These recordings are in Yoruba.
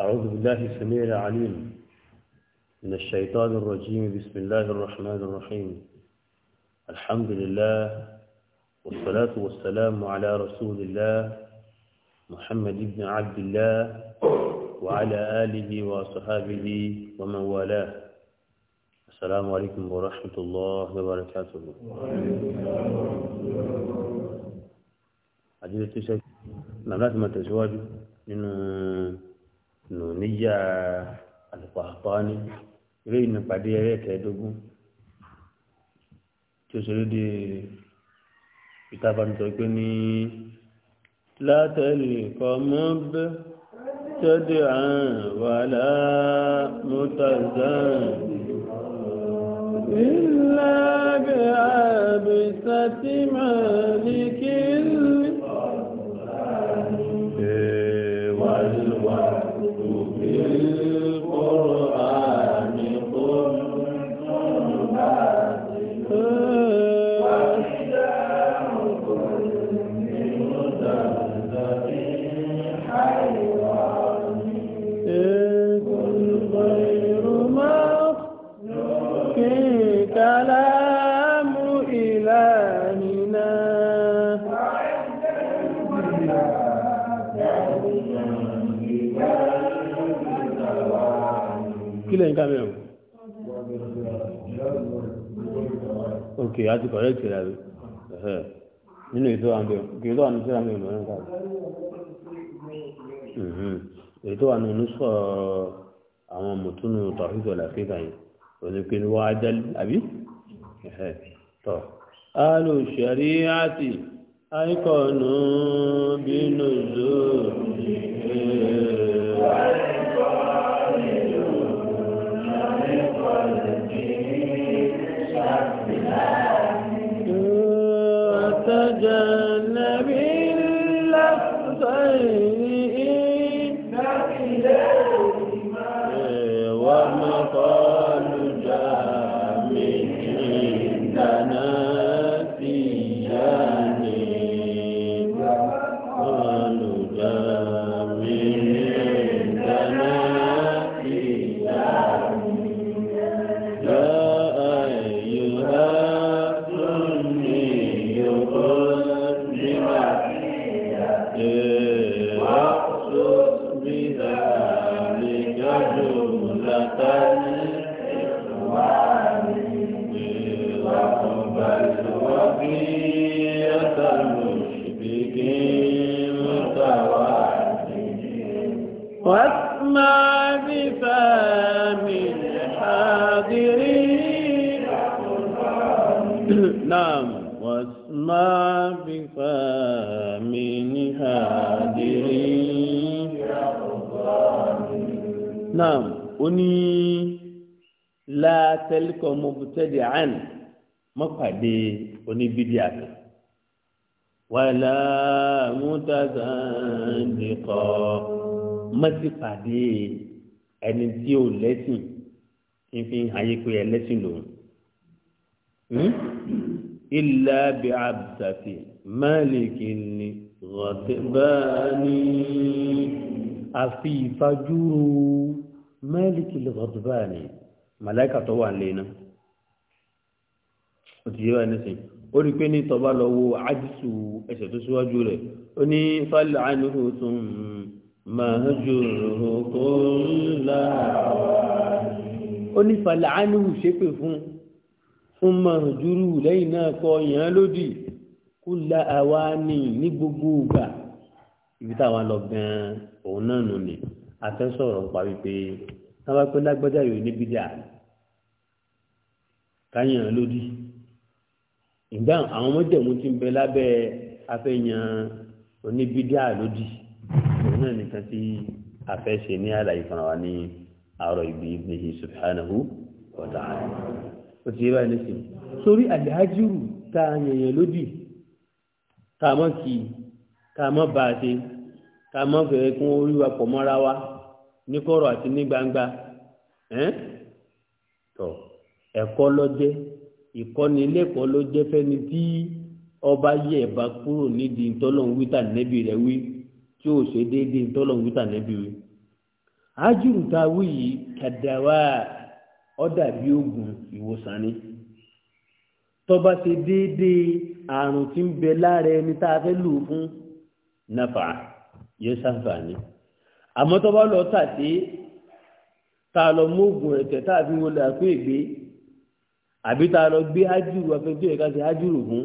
أعوذ بالله السميع العليم من الشيطان الرجيم بسم الله الرحمن الرحيم الحمد لله والصلاة والسلام على رسول الله محمد بن عبد الله وعلى آله وصحابه ومن والاه السلام عليكم ورحمة الله وبركاته عزيزي التشكي نعم ما تزواج nùníyà àlùpàpáni eré ìnàpàdé ẹlẹ́kẹ̀ẹ́dógún tí ó ṣe lédè ìtàbánitọ́ pé ní látẹ̀lẹ̀ kọ́mọ́ bẹ́ tẹ́dẹ̀ àrùn wà láàmútàzán ilẹ̀ bẹ́ ní kí lẹ́yìn ká mẹ́rin ok a ti kọ̀rẹ́ ìtìlẹ̀ rẹ̀ nínú ètò àmì kìí tó wà ní sí àmì ìmọ̀ràn ká èyí tó wà mhm. ní onúsọ àwọn mùtúnù tọ̀hídù àlàfíà yìí onípinnu wáá jẹ́ àbí tọ̀ alùsẹ̀ríyàtì àìkọ̀nù bínú lóòrùn واسمع بفهم الحاضرين نعم واسمع بفهم الحاضرين نعم أني لا تلك مبتدعا ما قدي أني بديعك ولا متزندقا mọ́tì pàdé ẹni tí ò lẹ́sìn fífi ayé pé ẹlẹ́sìn lòun ilà bí abdàtì máàlìkì ni rọ̀dẹ̀báni àfi ìfajúro máàlìkì rọ̀dẹ̀báni màláìkà tó wà lé náà ó ti yé wa nísìnyí ó rí pé ní tọ́ba lọ àdìsù ẹ̀sẹ̀ tó síwájú rẹ̀ ó ní fálẹ̀ àìníhùn tó ń màájòrò kò ńlá ó ní fàlàánìwù ṣépè fún fún màájòrò lẹ́yìn náà kọ yàn án lódì kó la àwa ní ní gbogbo ìgbà ibi táwa lọ gan-an òun náà nù ní afẹ́sọ̀rọ̀ pa wípé táwa pé lágbájá yòó níbi dà káyàn lódì ìgbà àwọn mọ́jẹ̀mú ti ń bẹ lábẹ́ afẹ́yàn oníbídà lódì náà nìkan tí a fẹ́ ṣe ní àlàyé fúnra wa ní àárọ̀ ibi ibnihi subhanahu wa ta'ala ó ti yé báyìí nísìn sórí àdájúrù tá yẹ̀yẹ̀ lódì tá a mọ̀ bá ṣe tá a kún orí wa pọ̀ mọ́ra wa ní kọ̀rọ̀ àti ní gbangba tọ̀ ẹ̀kọ́ lọ́jẹ́ ìkọ́nilẹ́kọ̀ọ́ ló jẹ́ fẹ́ni tí ọba yẹ̀ bá kúrò nídìí ntọ́lọ́hún tí ó ṣe déédéé tọ́lọ̀hún wíta níbi wí. ájúrù ta wí yìí kàdáwà ọ̀dà bí oògùn ìwòsàn ni tọ́ba ṣe déédéé àrùn tí ń bẹ lára ẹni tá a fẹ́ lò fún nàfà yẹ sáǹfààní àmọ́ tọ́ba lọ tàdé tá a lọ mú oògùn ẹ̀tẹ̀ tá a fi wọlé àpò ègbé àbí tá a lọ gbé ájúrù afẹ́fẹ́ ẹ̀ka ṣe ájúrù fún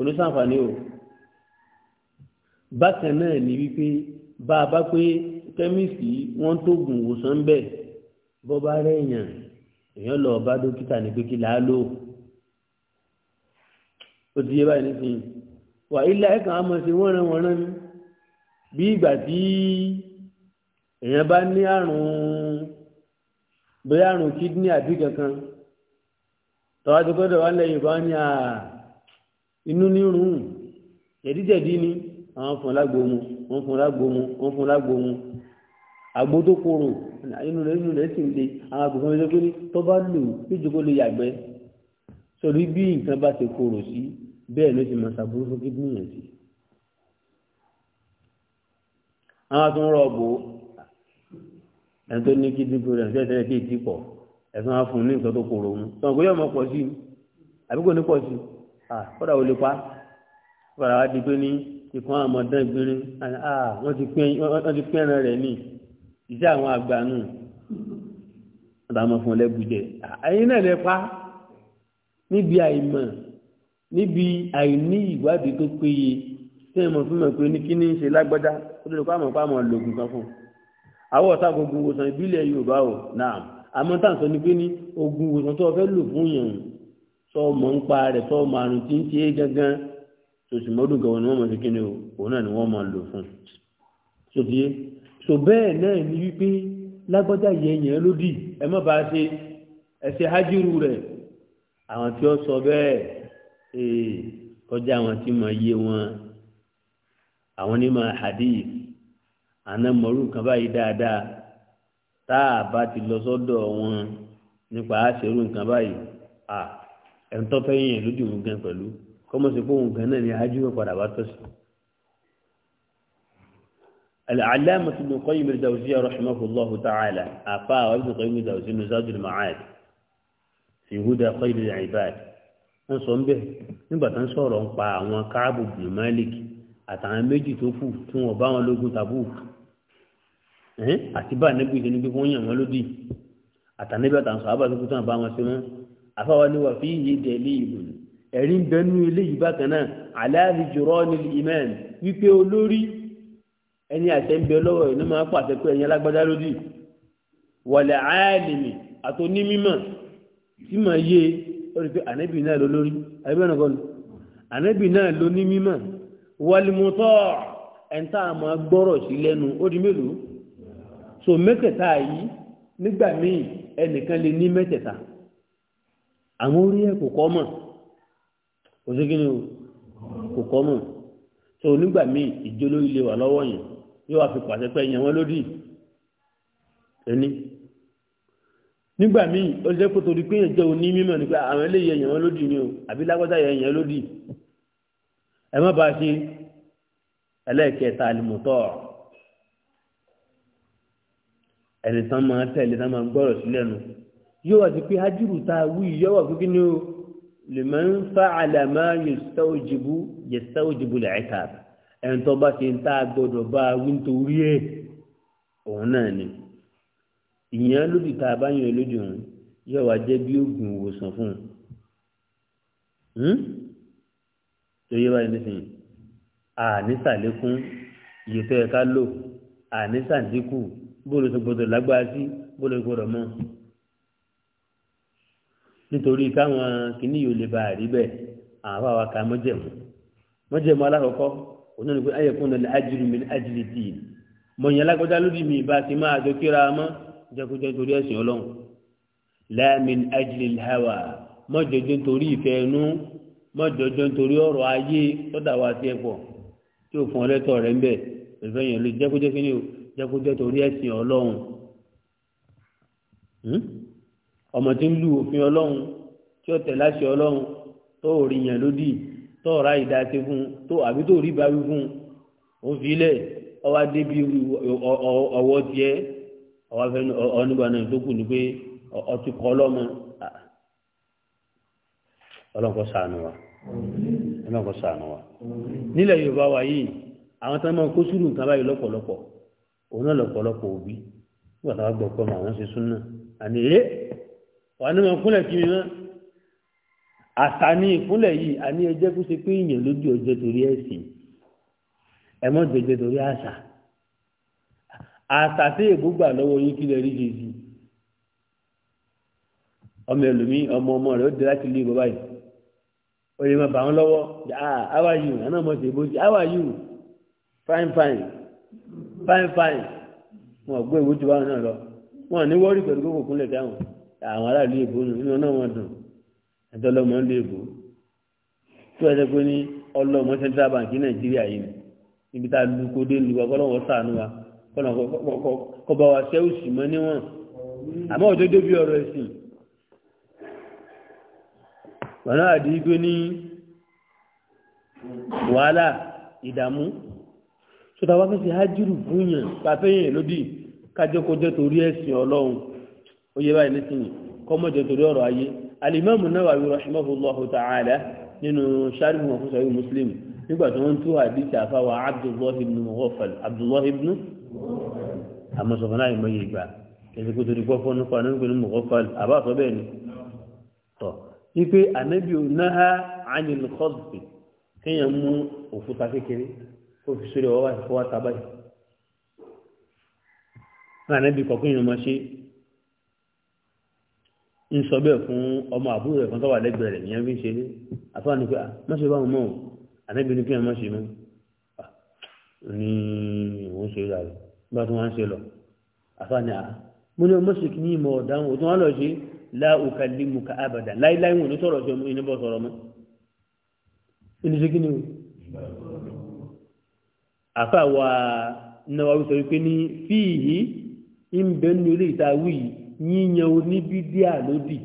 oníṣàǹfààní o bákan náà ni wípé bá a bá pé kẹ́míìsì wọ́n tó gùn wòsàn ń bẹ̀ bọ́ bá rẹ̀yàn èèyàn lọ bá dókítà ní pé kí là á lò ó ti yé báyìí nísìnyí wà ilé ẹ̀kan á mọ̀ sí wọ́nranwọ́nran ni bí ìgbà tí èèyàn bá ní àrùn bóyá àrùn kídínì àbí kankan tọ́wá tó gbọ́dọ̀ wá lẹ́yìn bá ní inú nírun jẹ̀díjẹ̀dí ni. Rung, àwọn fún lágbómu wọn fún lágbómu wọn fún lágbómu àgbo tó kóró inú rẹ inú rẹ sì ń le àwọn àgùnfọn mi lókè ní tó bá lò níjókòó lè yàgbẹ sọrí bí nǹkan bá ti kóró sí bẹ́ẹ̀ ló ti mọ sàbúrú fún kíndìnrín yẹn sí. àwọn àtúnrọ̀ ọ̀bọ̀ ẹni tó ní kíndìnrín program ṣe é tẹ́lẹ̀ kí ètí pọ̀ ẹ̀sán á fún un ní nǹkan tó kóró mu sọ̀rọ̀ kó yọ̀ mọ́ pọ̀ sí i àbí kò ní pọ̀ sí i kọ́dà ó lè pa kọ́dà wá di pé ní ìkan àmọ̀dán ìgbìnrin wọ́n ti pín ẹran rẹ̀ ní iṣẹ́ àwọn àgbànú àtàwọn fún ọlẹ́gbùjẹ ẹ̀yìn náà lẹ́pa níbi àìmọ̀ níbi àìní ìwádìí tó péye tí ẹ̀mọ̀ fún mọ̀ pé ní kí ní ṣe lágbọ́dá ó lè pàmọ̀ pàmọ̀ lògùn kan fún àwọ̀ ọ̀tá gbogbo wòsàn ìbílẹ̀ yorùbá ò náà àmọ́ táǹsọ ni pé ní ogun wòsàn tó fẹ́ lò fún yẹn sọ mọ̀ ń pa rẹ̀ sọ mọ̀ àrùn tí ń ṣe é gangan tòsí mọ́dún gan ni wọ́n mọ̀ sí kíni o òun náà ni wọ́n mọ̀ lò fún so ti yé so bẹ́ẹ̀ náà ni wípé lágbọ́dá yẹnyẹn lódì ẹ mọ́ bá a ṣe ẹsẹ̀ hajiru rẹ̀ àwọn tí ó sọ bẹ́ẹ̀ ee kọjá àwọn tí mọ̀ yé wọn àwọn onímọ̀ hadith àná mọ̀rú nǹkan báyìí dáadáa tá a bá ti lọ sọ́dọ̀ wọn nípa àṣẹrú nǹkan báyìí à ẹ̀ ń tọ́ fẹ́ yẹn lójú mú gan pẹ̀lú kọ́mọ̀ sí fóun kan náà ni hajj wọn padà bá tọ́ sí. العلامة ابن قيم الدوزية رحمه الله تعالى أفا ابن قيم الدوزية مزاج المعاد في هدى خير العباد wọ́n sọ ń bẹ̀ nígbà tó ń sọ̀rọ̀ ń pa àwọn káàbù bìí malik àtàwọn méjì tó kù tí wọ́n bá wọn lógun tàbú àti bá níbi ìṣẹ́ni pé wọ́n yàn wọ́n lódì àtàníbẹ̀ ẹ̀rí ń bẹ nínú eléyìí bákan náà aláàbí jùrọ́ ní imán wípé olórí ẹni àṣẹ ń bẹ lọ́wọ́ ìlú máa pàṣẹ pé ẹ̀yin alágbádá lódì wàlẹ̀ áàlìmì àtònímímọ̀ tí màá yé ó rí pé ànábì náà ló lórí àbíbẹ̀ náà kọ́ni ànábì náà ló ní mímọ̀ wàlìmùtọ́ ẹ̀ńtà máa gbọ́rọ̀ sí lẹ́nu ó di mélòó so mẹ́tẹ̀ẹ̀ta yìí nígbà míì ẹnìkan lè ní mẹ́tẹ̀ẹ̀ta àwọn orí ẹ̀ kò kọ́ mọ̀ òṣèkínní kò kọ́mù tó nígbà míì ìjóló ilé wà lọ́wọ́ yẹn yóò wá fi pàṣẹ pé ẹ̀yàn wọn lódì ẹni nígbà míì ó jẹ́ kó torí pé ìjọ òní mímọ̀ ni pé àwọn eléyìí ẹ̀yàn wọn lódì ni o àbí lágbádá yẹn ẹ̀yàn lódì ẹ má bàa ṣe ẹlẹ́ẹ̀kẹta àlùmọ̀tọ́ ẹni tán máa tẹ̀lé tán máa gbọ́rọ̀ sílẹ̀ nu yóò wá sí pé ájúrù tá a wí yọ́wọ́ fún lèmọ̀n fàcàlà máa يستوجب yẹ̀sítàwòjìbù lẹ́ẹ̀ta ẹ̀ń tó bá ti ń tá a gbọ́dọ̀ bá a wí nítorí ẹ̀ òun náà ni ìyẹn lódì tá a bá yàn lójú òun yóò wá jẹ́ bí oògùn ìwòsàn fún un tó hmm? yẹ báyìí nísìnyí ànísàlékún iye tó yẹ ká lò ànísàdínkù bóòlù tó gbọdọ̀ lágbára sí bóòlù tó gbọdọ̀ nítorí káwọn kìíní yóò lè ba àrí bẹ́ẹ̀ àwọn àwọn ká mọ́jẹ̀mú mọ́jẹ̀mú alákọ̀ọ́kọ́ òun náà ní pé ayẹ̀kún náà ajírí mi ajírí dì í mọ̀nyẹ́ alágbádá lórí mi ìbá ti máa jọ kíra mọ́ jẹ́kújẹ́ torí ẹ̀sìn ọlọ́run láàmìn ajírí hawa mọ́jọ́jọ́ torí ìfẹ́ inú mọ́jọ́jọ́ torí ọ̀rọ̀ ayé sọ́dà wa ti ẹ̀pọ̀ tí ò fún ọlẹ́tọ̀ rẹ̀ ń bẹ̀ ìfẹ́ ọmọ tí ń lu òfin ọlọ́run tí ó tẹ̀ láṣẹ ọlọ́run tó ò rí yàn lódì tó ọ̀rá ìdáṣe fún un tó àbí tó rí ìbáwí fún un ó fi lẹ̀ ọwọ́ débi ọwọ́ tiẹ̀ ọwọ́ fẹ́ ọ̀nìgbà náà tó kù ní pé ọtí kọ́ ọlọ́mọ ọlọ́kọ̀ sànù wa ọlọ́kọ̀ sànù wa nílẹ̀ yorùbá wa yìí àwọn tó máa kó sùúrù nǹkan báyìí lọ́pọ̀lọpọ̀ òun náà lọ́pọ̀lọpọ̀ òbí nígbà táwọn gbọ́ pé àwọn ṣe súnà àní ẹ́ wà ní wọn kúnlẹ̀ kiri náà àṣà ní ìkúnlẹ̀ yìí àní ẹjẹ́ kó ṣe pé ìyàn lójú ọjọ́ torí ẹ̀sìn ẹ mọ́ gbẹgbẹ́ torí àṣà àṣà tí èbó gbà lọ́wọ́ yín kí lè rí ṣe ọmọ ẹlòmíì ọmọ ọmọ rẹ̀ ó dé láti lé bàbá yìí ó lè máa bà wọn lọ́wọ́ ah how are you àná mo ṣe èbó sí how are you fine fine fine fine wọn ò gbé ìwé tí wọn náà lọ wọn ò ní wọ́ọ̀rì pẹ̀lú kókò kúnlẹ̀ dáhùn àwọn aráàlú èbó nínú náà wọn dùn ẹ̀dọ́ ọlọ́mọ ń lo èbó tó ẹ̀sẹ̀ pé ní ọlọ́mọ central bank nàìjíríà yìí níbi tá a lu kó dé lu wa kọ́lọ́wọ́ sànú wa kọ́ba wa ṣẹ́wù sì mọ́ níwọ̀n àmọ́ òjò débi ọ̀rọ̀ ẹ̀sìn wọn náà di igbó ní wàhálà ìdààmú sọta wákàtí hajjúrù fún yàn pàfẹ́yìn lódì kájọkọjọ torí ẹ̀sìn ọlọ́run ó yẹ báyìí nísìnyí kọ́mọ́jọ torí ọ̀rọ̀ ayé alimami nawawi rahimahullahu ta'ala nínú sharif mọ̀kú sọ̀rọ̀ muslim nígbà tí wọ́n tú àdìsí àfáwà abdullahi ibn mughafal abdullahi ibn amọ̀sọ̀fọ̀nà ìmọ̀ye ìgbà kẹsìkò torí gbọ́fọ́ nípa nípa ní mughafal àbáfọ́ bẹ́ẹ̀ ni tọ́ ipe anabi onaha anil khosbi kéèyàn mú òkúta kékeré ó fi ọwọ́ àti fọwọ́ tábàyì náà anabi kọ̀ọ̀kan yìí ṣe ń sọ bẹ́ẹ̀ fún ọmọ àbúrò ẹ̀kan tó wà lẹ́gbẹ̀ẹ́ rẹ̀ ìyẹn fi ń ṣe é àfáàní pé mọ́ṣe báwọn mọ́ ànábi ní kí wọ́n mọ́ṣe mọ́ ní òun ṣe rà rẹ̀ nígbà tí wọ́n ń ṣe lọ àfáàní à mo ní ọmọ kí ní ìmọ̀ ọ̀dáhùn òtún wọn lọ ṣe láòkà límùkà àbàdà láíláí wọn ní sọ̀rọ̀ ṣe inú bọ́ sọ̀rọ̀ mọ́ ni o àfáà wa yíyan oníbídíà lódì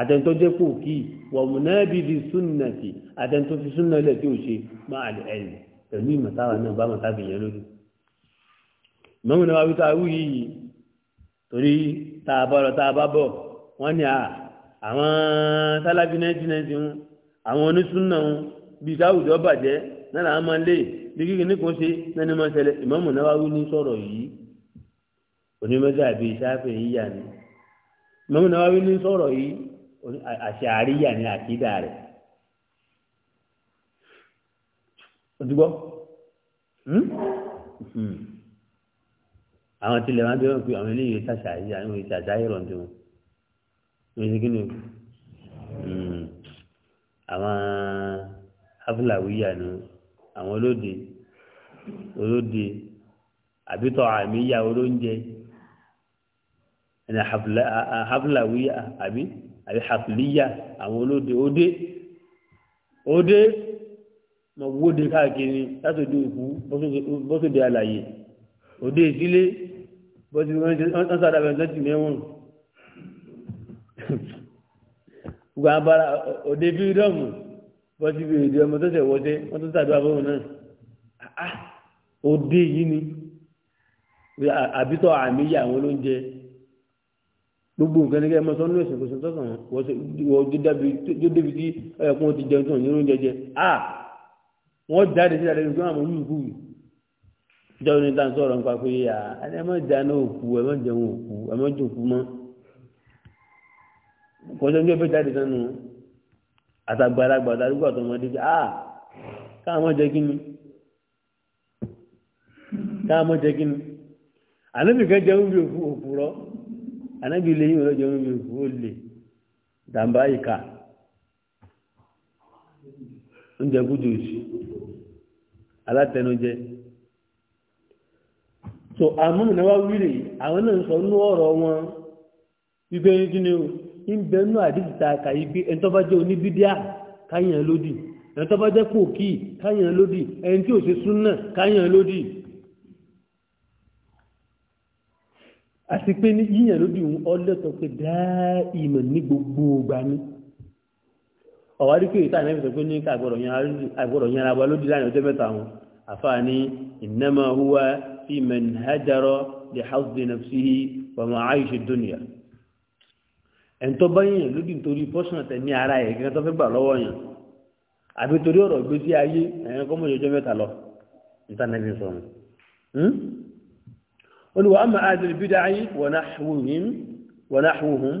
àtẹ̀ntọ́ jẹ́ kò kí wọ̀mù náà bí di súnà sí àtẹ̀ntọ́ fi súnà lẹ̀ tí ò ṣe máa lẹ̀ ẹ̀yìn pẹ̀lú ìmọ̀táwà náà bá mọ̀tábì yẹn lódì mọ́mù náà wá wí táwú yìí torí tá a bá lọ tá a bá bọ̀ wọ́n ní àwọn sálábí náìtì náìtì ń àwọn onísúnà ń bí káwùjọ bàjẹ́ náà làwọn máa lé bí kíkì ní kò ṣe náà ni máa ṣẹlẹ̀ ìmọ̀mù náà wá wí ní sọ̀rọ̀ yìí onímọ̀tà àbí ìsáfẹ́ yìí yà ni mọ́mọ́nà wá wí ní sọ̀rọ̀ yìí àṣà àríyà ni àkídà rẹ̀ òdúgbọ́ hmm? hmm. àwọn tilẹ̀ wọn bí wọn pe àwọn eléyìí tàṣà àríyà ní ìta àdáyẹ̀rọ̀ ní wọn ní ìṣe kíni hmm. àwọn afúláwíyà ni àwọn olóde olóde àbítọ̀ àmì ìyá olóúnjẹ yìí ẹni haflawiya àbí àbí hafliya àwọn olóde òde òde mọ wóde káàkiri látòdì òkú bọ́sọ̀dé àlàyé òde ìdílé bọ́sọ̀dé wọ́n sáré abẹ́rẹ́ tó ti mẹ́wọ̀n gbogbo abara òde fírídọ́ọ̀mù bọ́sí bí èdè ọmọ tó tẹ̀ wọ́dé wọ́n tó tàbí abọ́hùn náà àá ah, ah, òde yìí ni àbítọ̀ àmì yà àwọn olóúnjẹ gbogbo nǹkan ní kẹ́kẹ́ mọ́sán lóòsìn kò sí tọ́sán wọ́n débi tí ẹ̀kún ti jẹun tó ní oúnjẹ jẹ à wọ́n jáde sí àdéhùn tó àwọn olùkú yìí jọ́ ní tá à ń sọ̀rọ̀ nípa pé à ẹ mọ̀ dáná òkú ẹ mọ̀ jẹun òkú ẹ mọ̀ jòkú mọ́ kò sí ẹjọ́ fẹ́ jáde sánú àtàgbàlagbà àtàdúgbò àtọmọdé pé à káàmọ́ jẹ kí ni káàmọ́ jẹ kí ni àlébìkẹ́ jẹun bí òkú òkú rọ́ anábì lè yíò lọ́jọ́ orí ó lè dàmbá ìka alátẹnujẹ so àmúnà wá wílè àwọn náà sọ ní ọ̀rọ̀ wọn wípé kí ni o ń bẹnu àdìsíta kàyí pé ẹni tó bá jẹ́ oníbídíà káyàn lódì ẹni tó bá jẹ́ pòkì káyàn lódì ẹni àti pé ní yíyàn lójú òun ọlẹ́tọ̀ pé dáa ìmọ̀ ní gbogbo ọgbà ní ọ̀wá rí pé ìta ìnáwó sọ pé ní àgbọ̀rọ̀ yẹn ara wa lójú láàrin ọjọ́ mẹ́ta wọn àfáà ní ìnáma huwa ìmọ̀ ìhájárọ̀ the house dey na sí ọmọ àìṣe dúnìyà ẹ̀ńtọ́ bá yẹn lójú nítorí pọ́ṣọ̀nà tẹ̀ ní ara ẹ̀ gẹ́gẹ́ tó fẹ́ gbà lọ́wọ́ yẹn àbí torí ọ̀rọ̀ gbé sí ayé ẹ̀yẹn kọ́mọ̀ ọjọ́ mẹ́ta lọ ìta ìnáwó sọ̀rọ̀ hmm? wọ́n ni wọ́n ama adìrì bídà ayé wọ́n náhùhùn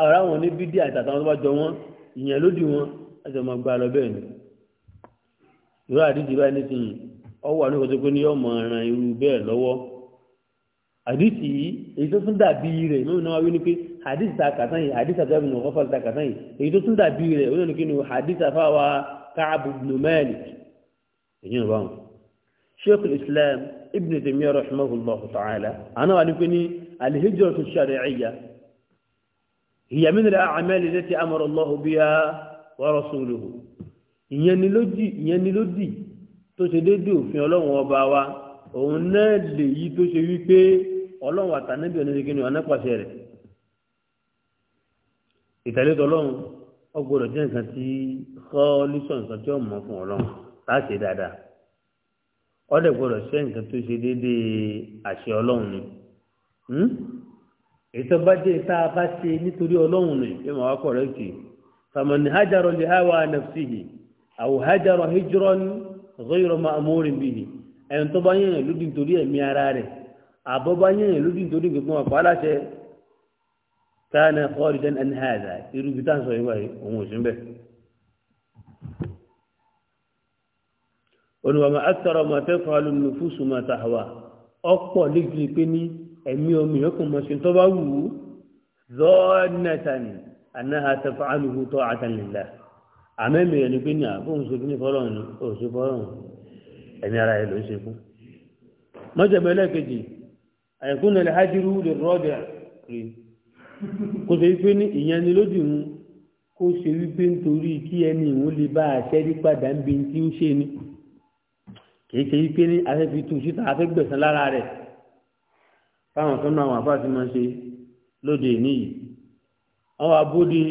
ara wọn ní bídà àtàtàwọn tó bá jọ wọn ìyẹn lódì wọn àti ọmọ gba lọ bẹ́ẹ̀ ni irú àdìsí báyìí nísìnyí ọwọ́ àníkọ́ tó pé ní ọmọ ọ̀ràn irú bẹ́ẹ̀ lọ́wọ́ àdìsí yìí èyí tó tún dàbí rẹ̀ nínú náà wí ni pé àdìsí ta kàtán yìí àdìsí àtàbí nù ọ̀fọ̀ ta kàtán yìí èyí tó tún dàbí rẹ̀ ó lónìí kí ni àdìsí àfáwà káàbù nùmẹ́ẹ̀lì èyí ni báwọn sheikh islam ibn taymiya rahimahullahu ta'ala ana wani kuni alhijratu shar'iyya hiya min al'amali allati amara allah biha wa rasuluhu ìyẹn ni lodi ìyẹn ni lodi tó ṣe dédé òfin ọlọ́run ọba wa òun náà lè yí tó ṣe wípé ọlọ́run àtànẹ́bí oníṣègùn ọ̀nà pàṣẹ rẹ̀ ìtàlẹ́ tọ́lọ́run ọgbọ́dọ̀ jẹ́ nǹkan tí kọ́ lísọ̀ nǹkan tí ó mọ̀ fún ọlọ́run láti dáadáa ọdẹ gbọdọ ṣe nǹkan tó ṣe déédéé àṣẹ ọlọrun ni hmm? ètò bá dé tá a bá ṣe nítorí ọlọrun ni ẹ máa wá kọrẹtì famani hajaro le hawa nafsihi àwọn hajaro hijrọ ni ọgọyọrọ máa mórí bìí ẹni tó bá yẹn lódì nítorí ẹmí ara rẹ àbọ bá yẹn lódì nítorí gbogbo àpá aláṣẹ tánà kọrìdán ẹni hàdà irú bí táǹsọ yìí wáyé òun ò sí bẹẹ oníwàmọ̀ akitọ̀rọ̀ ọmọ akẹ́kọ̀ọ́ alùmùfúsù máa tàwa ọ̀pọ̀ lẹ́gbẹ̀ẹ́ pé ní ẹ̀mí omi ọkùnrin mọ̀ṣẹ́ tó bá wù ú zọ́ọ̀nẹ́tàn anáhà tẹ̀fọ́ alùhù tó àtàlélà àmẹ́mì rẹ̀ ni pé ní àbó òṣèlú ní fọ́lọ́run òṣèlú fọ́lọ́run ẹ̀mí ara ẹ̀ ló ń ṣe fún. mọ́jọ̀bẹ́ lẹ́ẹ̀kejì àyẹ̀kúnnà lè hájírú lè rọ́ọ̀dẹ̀ kò sí wípé nítorí kí ẹni ìwọ́n lè bá àṣẹ́rí padà ń bi tí ń ṣe ni kìí ṣe wípé ní afẹ́fi tu síta afẹ́ gbẹ̀sán lára rẹ̀ fáwọn tó náà wọn àfáà ti máa ṣe lóde níyì àwọn abóde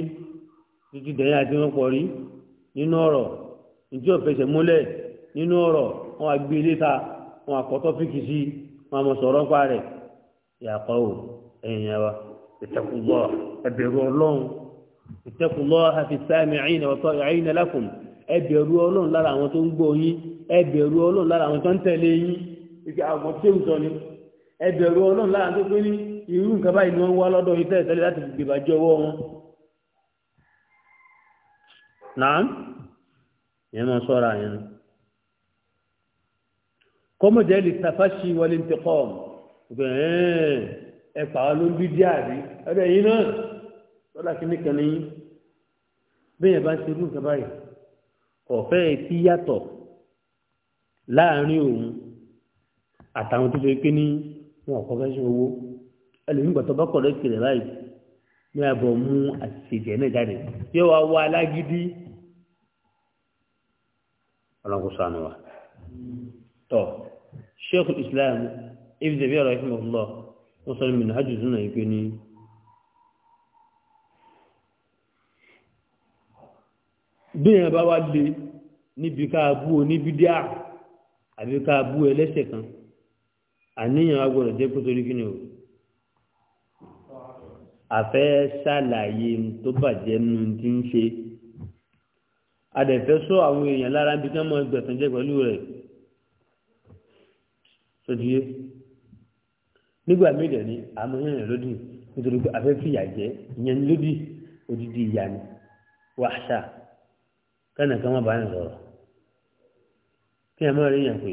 títí dẹ̀yìn àti wọn pọ̀ rí nínú ọ̀rọ̀ ìjọ fẹsẹ̀ múlẹ̀ nínú ọ̀rọ̀ wọn àgbé léta wọn àkọ́tọ́ fíkì sí wọn àmọ̀ sọ̀rọ̀ pa rẹ̀ yàtọ̀ o ẹ̀yìn yẹn wa ìtẹ̀kùlọ́ ẹ̀bẹ̀rù ọlọ́run ìtẹ̀kùlọ́ àfi sáàmì àyìn ọ̀tọ̀ àyìn ẹlẹ́kùnrin ẹbẹ̀rù ọlọ́run lára àwọn tó ń gbọ́ yín ẹbẹ̀rù ọlọ́run lára àwọn tó ń tẹ̀lé yín ìgbà àwọn tí ó sọ ni ẹbẹ̀rù ọlọ́run lára tó pé ní irú nǹkan báyìí ni wọ́n wá lọ́dọ̀ yín tẹ̀lé láti gbèbàjẹ́ ọwọ́ wọn. náà yẹn máa sọ́ra yẹn kọ́mọ̀jẹ́ lè tàfáṣì wọlé ń tẹ́kọ̀ ẹ pàá ló ń bí díà rí ọ̀rẹ́ yín náà lọ́la kí ní kẹ́ni yín bẹ́ẹ̀ yẹn bá ń ṣe irú nǹkan báyìí ọ̀fẹ́ sí yàtọ̀ láàrin òun àtàwọn tó fẹ́ pé ní wọn ọ̀kọ́ fẹ́ sún owó ẹlòmígbà tó bá kọ̀ọ̀dọ̀ ìpìlẹ̀ báyìí ní àbọ̀ mú àtìṣèjẹ́ náà jáde yóò wá wá alágídí ọlọ́kùn sànù wa tọ́ sheikh islam ibi tẹ̀bí ọ̀rọ̀ ìfimọ̀fúnlọ́ wọ́n sọ ní mìíràn hajj sunu yìí pé ní. bíyàn bá wá lé níbi ká bú oníbídíà àbí ká bú ẹlẹ́sẹ̀ kan àníyàn wa gbọ́dọ̀ jẹ́ kótórí kí ni o àfẹ́ ṣàlàyé tó bàjẹ́ nu ti ń ṣe adẹ̀fẹ́ sọ àwọn èèyàn lára bí wọ́n mọ ẹgbẹ̀tàn jẹ́ pẹ̀lú rẹ̀ sọdíyé nígbà míì dẹ̀ ni àmọ́ yẹn rẹ̀ lódì nítorí pé afẹ́ fìyà jẹ́ ìyẹn lódì odidi ìyá ni wàhálà kẹ́nà kan wọ́n bá yàn sọ̀rọ̀ kí ẹ mọ́ rí yàn pé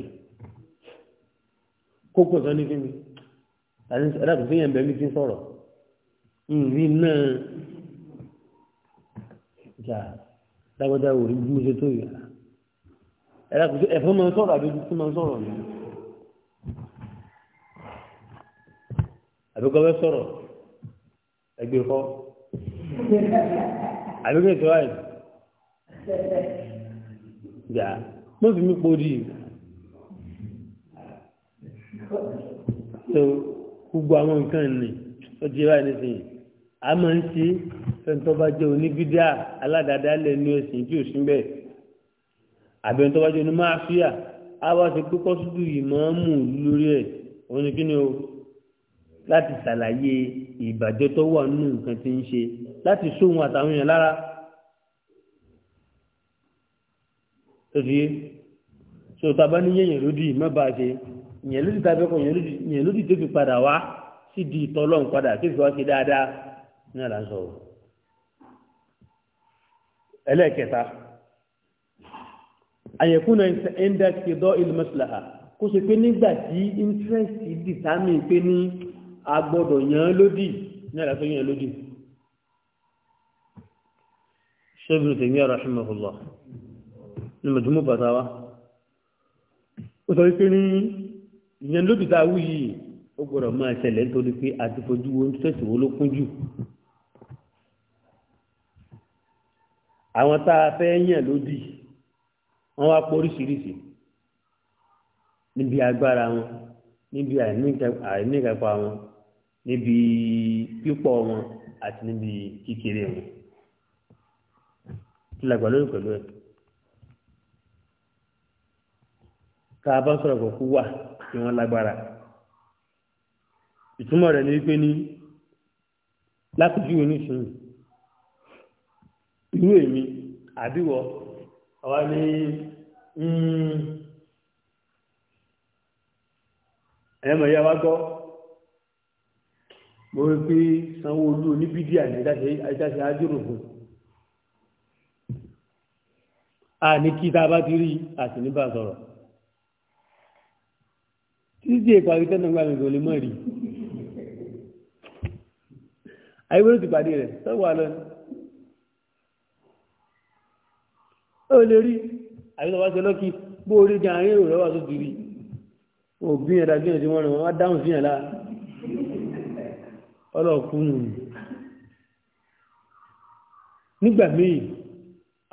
kókò sọ ní fíìmù adáàbò fi yàn bẹ́ẹ̀ mi ti sọ̀rọ̀ ìrì náà jà dábọ́dá wò rí bí mo ṣe tó yà ẹ̀fọ́ máa ń sọ̀rọ̀ àbí ojú tí máa ń sọ̀rọ̀ ni àbí kọ́ fẹ́ sọ̀rọ̀ ẹgbẹ́ e kọ́ àbí kò gbà mo fi mi pori so gbogbo àwọn nǹkan ni ó jẹ báyìí nísìnyí a máa ń ṣe fẹ́ntọ́ bá jẹ́ oníbídíà aládàádálẹ̀ ní ẹ̀sìn tí ò sí bẹ́ẹ̀ àbẹ̀ntọ́ bá jẹ́ onímọ̀ àfíà á wá sí pé kọ́sùdù ìmọ̀ọ́mù lórí ẹ̀ òun ni kí ni o láti ṣàlàyé ìbàjẹ́ tó wà nínú nǹkan tí ń ṣe láti sóhun àtàwọn èèyàn lára tòdí so tàbá ní yẹ̀yẹ̀ lódì mẹ́ba ṣe yẹn lódì tàbí ọkọ̀ yẹn lódì tó fi padà wá sí di ìtọ́lọ́ padà tó fi wá sí dáadáa ní àlàǹsọ̀ o ẹlẹ́ẹ̀kẹta àyẹ̀kúnà index ìdọ́ ìlúmọ̀síláhà kó ṣe pé nígbà tí interest dìtámì pé ní agbọ́dọ̀ yẹn lódì ní àlàǹsọ̀ yẹn lódì ṣé bí o tèmi ọ̀rọ̀ fún lọ ní mọ̀júmọ́ bàtà wa ó sọ wípé ní ìyẹn lóbi tá a wú yìí ó gbọ́dọ̀ máa ṣẹlẹ̀ nítorí pé àti fojú wo ń tẹ̀sí wo ló kún jù àwọn tá a fẹ́ yàn lódì wọ́n wá pọ̀ oríṣiríṣi níbi agbára wọn níbi àìníkàpá wọn níbi pípọ̀ wọn àti níbi kékeré wọn kí làgbà pẹ̀lú ẹ̀. tá a bá sọ̀rọ̀ kọ̀ọ̀kú wà tí wọ́n lágbára ìtumọ̀ rẹ̀ ni wípé ní lápèjúwe nísìnyí irú èmi àbíwọ àwa ní hmm, ẹ̀mọ̀ ìyá wa gbọ́ mo rí pé sanwó-olú oníbídíà ní ìdáṣẹ́ ajúrò fún a ní kí tá a bá ti rí àti ní bá sọ̀rọ̀ títí ìpàdé tẹ́nà gbà mí kò lè mọ̀ rí ayébóló ti pàdé rẹ̀ sọ́wọ́ àlọ́ ni ó lè rí àbí lọ́wọ́ ṣe lọ́kì bó orí gan àárín èrò rẹ̀ wà tó ti rí wọn ò gbìyànjú gbìyànjú wọn rìn wọn wá dáhùn sí yàn láà ọlọ́ọ̀kúnnù nígbà míì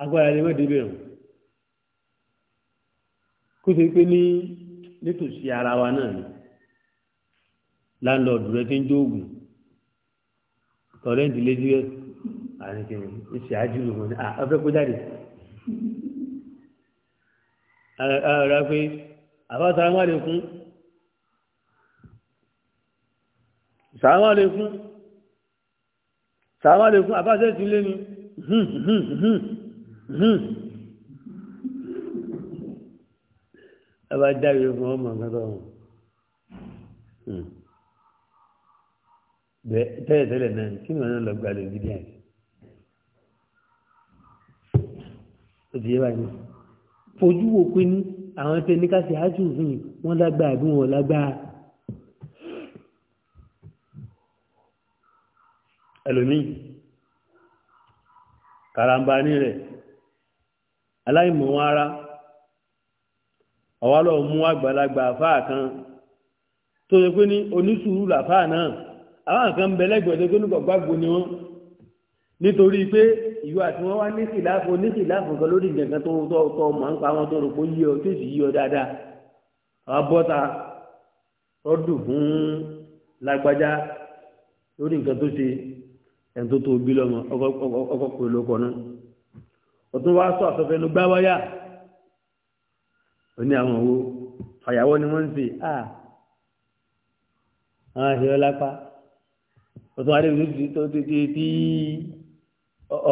agbára lè mọ́ débẹ̀rún kó ṣe pé ní nítòsí ara wa náà ni láńlọ́ọ̀dù rẹ ti ń jóògùn tọ́lẹ́ǹtì léjú ẹ̀ àníkìrì ìṣe àjùlù wọn ni ọ̀fẹ́ kó jáde ara pé àbáta wọn lè fún sàwọn lè fún sàwọn lè fún àbáṣẹ́ ti lé ni ẹbá dáre fún ọmọ nǹkan wọn hmm. tẹ́lẹ̀tẹ́lẹ̀ náà kí ni wọ́n lọ gbalẹ̀ gidi àti ó ti yé báyìí fojú wo pé ní àwọn tẹ ní káṣí ájú wọ́n lágbára bí wọ́n lágbára ẹlòmíì karambani rẹ̀ aláìmọ̀ wọn ara àwa lọ mú àgbàlagbà àfáà kan tó ṣe pé ní onísùúrù làfáà náà àwọn kan bẹ lẹ́gbẹ̀ẹ́ tó tó ní gbàgbàgbò ni wọ́n nítorí pé ìwọ àti wọn wá nísìláàfọ nísìláàfọ kan lórí ìjẹ̀kan tó tọ́ tọ́ mọ̀ ń pa wọn tó rò pé yíyọ tó sì yíyọ dáadáa àwọn bọ́ta ọdún fún lágbájá lórí nǹkan tó ṣe ẹni tó tó bí lọ́mọ ọkọ̀ pẹ̀lú ọkọ̀ náà ọ̀tún wá sọ àsọfẹ́nu ó ní àwọn owó fàyàwọ́ ni wọ́n ń sè á àwọn àṣeyọ lápá ó tún adé ìlú tó ti ti ti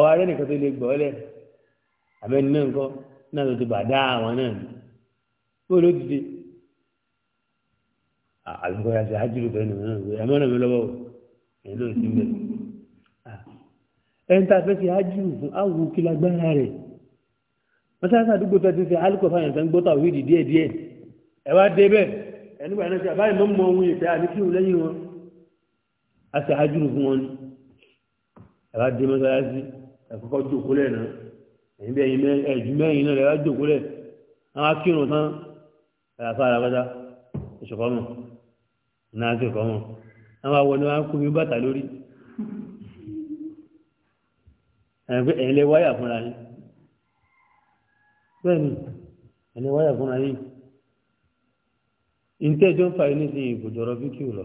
ọ arẹ nìkan tó lè gbọ́ lẹ̀ àbẹ́ni náà ńkọ́ náà tó ti bàdá àwọn náà ni kó ló dìde àlùkò yà sí ájúlù bẹ́ẹ̀ nìyẹn náà ẹ mọ́nà mi lọ́wọ́ ẹ lóò sí bẹ́ẹ̀ ẹ̀ ń ta fẹ́ sí ájúlù fún áwù kí lágbára rẹ̀ mọ́sáàsì àdúgbò tó ti fi alukọ fáyọ̀ tó ń gbọ́ tàwíìdì díẹ̀ díẹ̀ ẹ wá dé bẹ́ẹ̀ ẹnìgbà náà ṣe àbáyé mọ́ mọ́ ohun ìfẹ́ àníkíhùn lẹ́yìn wọn a ṣe àjùrù fún wọn ni ẹ wá dé mọ́sáàsì ẹ̀kọ́kọ́ jókòó lẹ̀ náà ẹ̀yìn bí ẹ̀yìn ẹ̀jú mẹ́rin náà ẹ wá jókòó lẹ̀ àwọn akírun tán ẹ̀ àfáàrà pátá ìṣọ̀kọ́ mọ̀ náà ti kọ́ mọ̀ àwọn àwọn ọ̀nà kú mi bàtà lórí ẹ̀yìn lẹ wáyà fúnra yín bẹ́ẹ̀ ni ẹni wáyà fúnra yín ìtẹ́jọ́ ń fa ilé sí ìbòjò ọ̀rọ̀ fíkìú lọ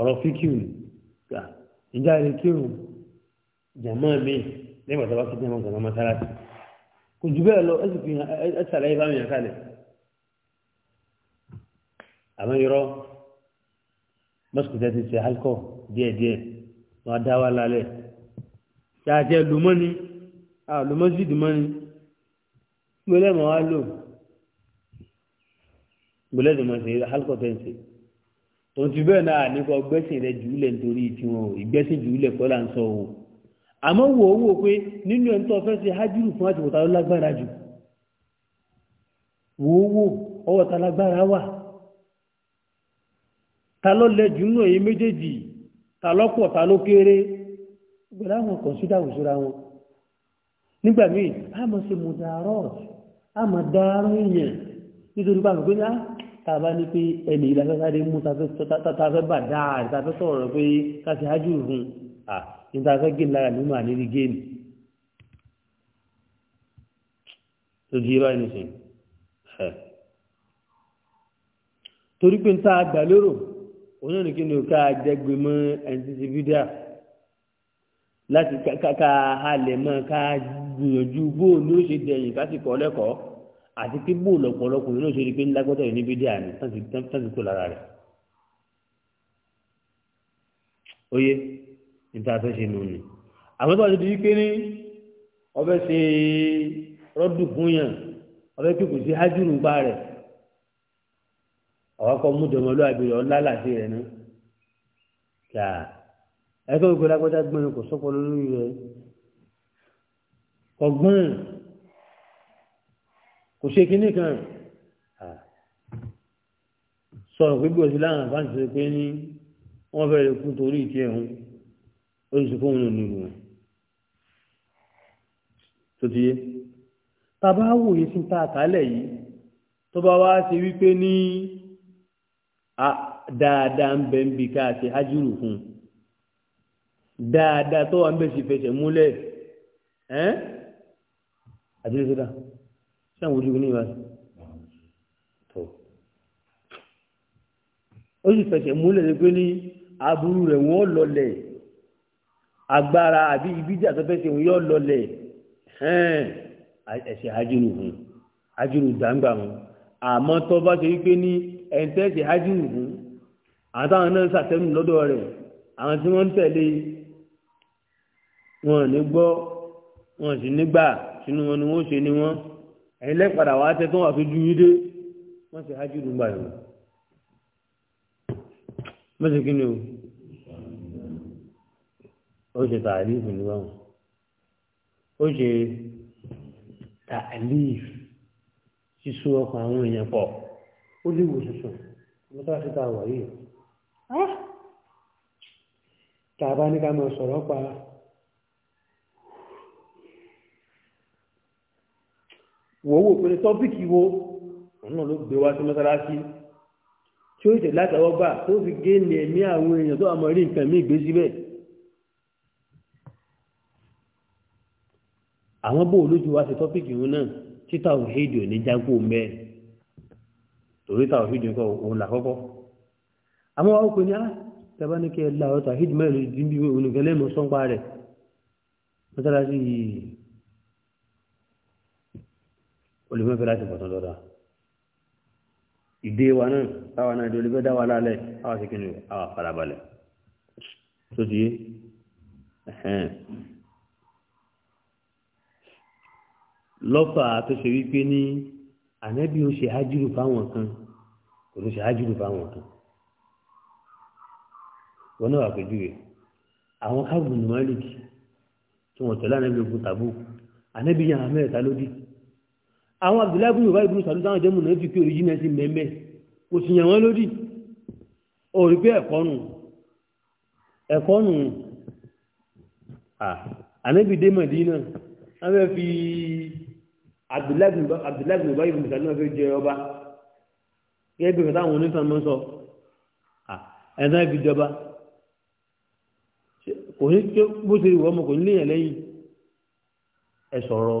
ọ̀rọ̀ fíkìú gbà ìjà ilé kírun jàmọ́ mi nígbà tó bá fi jẹ́ mọ́kànlá mọ́sálásí kò jù bẹ́ẹ̀ lọ ẹ̀sì fi ẹ̀sàlẹ̀ ìbámu yàn kalẹ̀ àmọ́ irọ́ mọ́sùkùtẹ́ ti ṣe alkọ́ díẹ̀díẹ̀ wọ́n á dá wa lálẹ́ ṣáà jẹ́ lùmọ́ ni àlò ah, mọ́sídì mọ́ni gbọ́lẹ́mọ̀ wá lò gbọ́lẹ́dì mọ́ sí alkọ̀tẹ́ǹsì tòun ti bẹ́ẹ̀ náà nípa ọgbẹ́sìn rẹ jùúlẹ̀ nítorí tiwọn o ìgbẹ́sìn jùúlẹ̀ kọ́ là ń sọ o àmọ́ wò ó wò pé nínú ẹni tó fẹ́ ṣe hájúrù fún àti wòtá lágbára jù wò ó wò ọwọ́ ta lágbára wà ta ló lẹ jù nínú èyí méjèèjì ta lọ́pọ̀ ta ló kéré gbọ́dọ̀ àwọn kọ̀ǹsídà òṣùra wọn nígbà míì a mọ̀ sí mùdàrọ̀ a mọ̀ dáárọ̀ èèyàn nítorí pàmò pé á ah, tàbá ní pé ẹnì ìlàfẹ́sáré mú tàfẹ́ bà dáàrí tàfẹ́ sọ̀rọ̀ pé káṣí ájú ìhun à ní tàfẹ́ gé lára nínú àníri géèmì tó di irọ́ ẹnìsìn torí pé ń tá a lérò òun ni ò ká jẹgbẹ́ mọ́ ẹni títí fídíà láti ká halẹ̀ mọ́ ká gbìyànjú bóòlù ó ṣe dẹ̀yìn kásìkò ọlẹ́kọ̀ọ́ àti pé bóòlù ọ̀pọ̀lọpọ̀ yìí ló ṣe rí pé ńlágbọ́tọ̀ yìí níbi díà ní tán kó lára rẹ̀. oyè níta fẹ́ ṣe nù ni àwọn tó bá ti di pé ní ọbẹ̀ ṣe rọ́dù fún yàn ọbẹ̀ pé kò sí hájúrù ń pa rẹ̀ ọ̀wá kọ́ mú jọmọlúwàbí rẹ̀ làṣẹ rẹ̀ náà ẹgbẹ́ gbogbo lágbọ́dá gbọ́n kò sọ́pọ̀ lórí rẹ̀ ọgbọ́n kò ṣe kínní kan sọ̀rọ̀ pé bí òsì láwọn àbáǹtì ṣe pé ní wọ́n fẹ́rẹ̀ kú torí ìtì ẹ̀hún ó sì fún òun nínú wọn tó ti yé tàbá wòye sí ta àkálẹ̀ yìí tó bá wá ṣe wípé ní dáadáa ń bẹ ń bi ká ṣe ájúrù fún un dáadáa tó wà ń bẹ̀sì fẹsẹ̀ múlẹ̀ ẹ́n àdílé tó dá sí àwọn ojú ní ìbáṣe tó ó sì fẹsẹ̀ múlẹ̀ lè pé ní aburú rẹ̀ wọ́n lọlẹ̀ agbára àbí ibíjà tó fẹsẹ̀ wọn yóò lọlẹ̀ ẹ́n ẹ̀sẹ̀ ajínú hùn ajínú dàǹgbà hùn àmọ́ tó bá ṣe wípé ní ẹ̀ńtẹ́ẹ̀sẹ̀ ajínú hùn àtàwọn náà ṣàtẹ́nu lọ́dọ̀ rẹ̀ àwọn tí wọ́n ń tẹ̀lé wọn ò ní gbọ́ wọn sì nígbà sínú wọn ni wọn ṣe ni wọn ẹ̀yin lẹ́pàdà wàá tẹ tó wà tó ju yídé wọ́n sì hájú ìdúgba ìwọ̀n wọ́n sì kí ni o ó ṣe tààlífù ní báwọn ó ṣe tààlífù sísú ọkàn àwọn èèyàn pọ̀ ó léwu tuntun mo sábà ti ta àwọ̀ yìí tá a bá ní ká máa sọ̀rọ̀ pa wò ó wò pé tọ́pìkì wo òun náà ló gbé wá sí mọ́sálásí tí ó tẹ̀ látàwọ́ gbà tó fi gé ní ẹ̀mí àwọn èèyàn tó àmọ́ rí nǹkan míì gbé síbẹ̀. àwọn bó olójú wa ṣe tọ́pìkì òun náà títà òhìdì òní jágbó mẹ́ torí tà òhìdì nǹkan òun là kọ́kọ́. àmọ́ wa ó pe ní á ah, tẹ́bá ní kí ẹ la ọ̀tà òhìdì mẹ́rin dín bí òun nìkan lẹ́nu sọ́ńpa rẹ̀ mọ́sálásí yìí olùfẹ́ fẹ́ láti bọ̀tán lọ́dà ìdè wa náà táwa náà ìdè olùfẹ́ dá wa lálẹ́ àwa sì kínú àwa farabalẹ̀ tó di ẹ̀hẹ́n lọ́fà tó ṣe wípé ní ànẹ́bí ó ṣe ájúrù fáwọn kan kò ló ṣe ájúrù fáwọn kan wọn náà wà pẹ̀lú rẹ̀ àwọn káàbù ní málìkì tí wọ́n tẹ̀lé ànẹ́bí ogun tàbú ànẹ́bí yàn án mẹ́ta lódì àwọn abdullahi bin yorùbá ibùdó sàdúrà àwọn jẹ́mù náà fi kí orí náà sí mẹ́mẹ́ kò sì yàn wọ́n lódì òrí pé ẹ̀kọ́ nù ẹ̀kọ́ nù ànábì dé mọ̀dínà wọ́n fẹ́ fi abdullahi bin yorùbá ibùdó sàdúrà fẹ́ jẹ ọba gẹ́gẹ́ bí kàtà àwọn onífàmọ́ sọ ẹ̀dá ìfìjọba kò ní tí bó ṣe rí wọ́n mọ̀ kò ní léèyàn lẹ́yìn ẹ̀ sọ̀rọ̀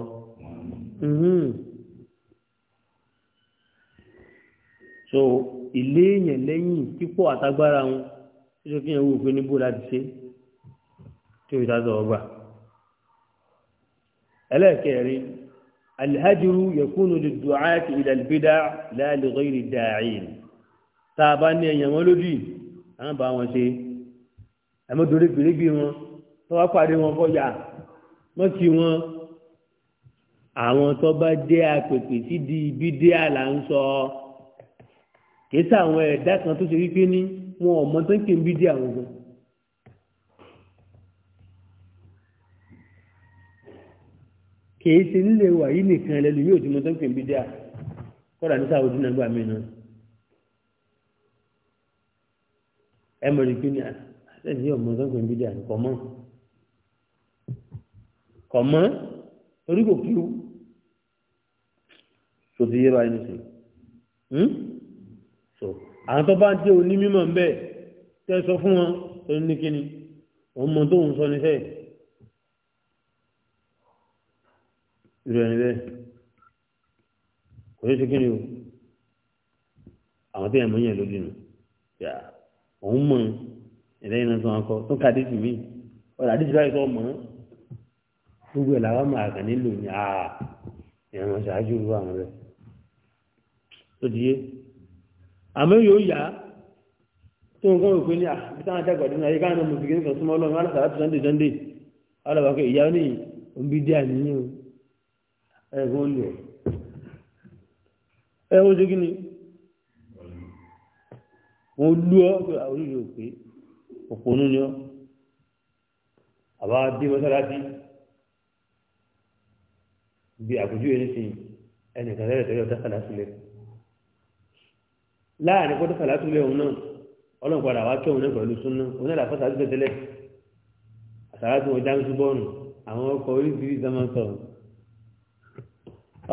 so ilé èèyàn lẹ́yìn pípọ̀ àtagbára wọn tí ó fi hàn wò pé níbo láti ṣe tí ó ìdájọ́ ọgbà ẹlẹ́ẹ̀kẹrin alhajiru yakunu lè dùn áyàtì ìdàlùbídà láàlẹ́ rírì dàáyìn tá a bá ní ẹ̀yàn wọn lódì àwọn bá wọn ṣe àmọ́ dorí gbèrègbè wọn tó wá parí wọn fọyà wọ́n ti wọn àwọn tó bá dé apèpè sídìí bídíà là ń sọ ọ́ kìí sí àwọn ẹ̀dá kan tó ṣe wípé ní wọn ọmọ tó ń pè ń bí dí àwọn gan kìí ṣe nílé wà yìí nìkan lẹ́nu yóò ti mọ tó ń pè ń bí dí à kọ́dà ní sáà ojú náà mí náà ẹ mọ̀ pé ní àtẹ̀sí ọmọ tó ń pè ń bí dí à kọ̀ mọ́ kọ̀ mọ́ orí kò kí o tòtí yé báyìí nìṣẹ́ so àwọn tó bá jẹ́ onímọ̀ ń bẹ̀ tẹ́ sọ fún wọn tó ní kíni òun mọ tóun sọ níṣẹ́ ìrọ̀ ẹni bẹ́ẹ̀ kò ní ṣe kíni o àwọn tó yẹ mọ́ yẹn lójú nù yà òun mọ̀ ẹ̀lẹ́yìn náà sọ akọ tó ka dídì mí ọ̀rọ̀ àdídì báyìí sọ mọ́ gbogbo ẹ̀ làwọn máa kàn nílò ní àà ìrìn àwọn ṣáájú irú àwọn rẹ̀ tó ti yé àmọ́ yóò yá tó nǹkan òpin ní àbítáwọn ah, àtàgbàdo ní ayé káwọn mùsùlùmí kan súnmọ́ ọlọ́run alásàlátù sunday sunday alábàákẹ́ ìyá ní òbídé àníyàn ẹ̀fọn olè ẹ̀ ó ṣe kí ni wọ́n lú ọ́ pé oríire òpè òpónú ni ọ́ àbá dé mọ́sálásí bí àpèjúwe ní sìn ẹnìkan lẹ́rẹ̀ẹ́dẹ́rẹ́ ọ̀dá kàdá sílẹ̀ láàrin kó tó sàlátù lé òun náà ọlọ́run padà wá tó òun náà pẹ̀lú súnná òun náà làfọ́ sàlátù tẹ́tẹ́lẹ̀ àsàlátù wọn dáhùn túbọ̀ọ̀nù àwọn ọkọ̀ oríṣiríṣi ọmọ sọ̀rọ̀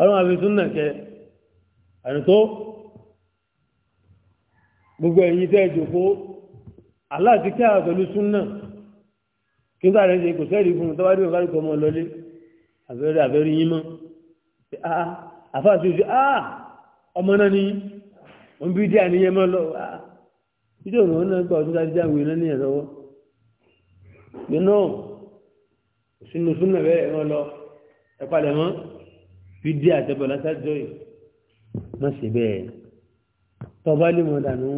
ọlọ́run àfi súnná kẹ àrùn tó gbogbo ẹ̀yin tẹ́ ẹ jòkó aláàtí kí àwọn pẹ̀lú súnná kí n sáré ṣe kò sẹ́ẹ̀rì fún un tọ́wádìí ọ̀gá ìkọ́ ọmọ lọlé àfẹ́rẹ́ àfẹ́rẹ́ yín mọ́ ah, àfáàsì ah, ọmọ náà ni yín wọn bí díà níyẹn mọ́ lọ wá títí òun náà gbà ọdún sáájú àwọn èèyàn níyẹn lọ́wọ́ nínú sínú súnà bẹ́ẹ̀ wọn lọ ẹ padà mọ́ bí díà tẹ́bọ̀ lásàjọ́ yìí má ṣe bẹ́ẹ̀ tọ́ba lè mọ̀ dànù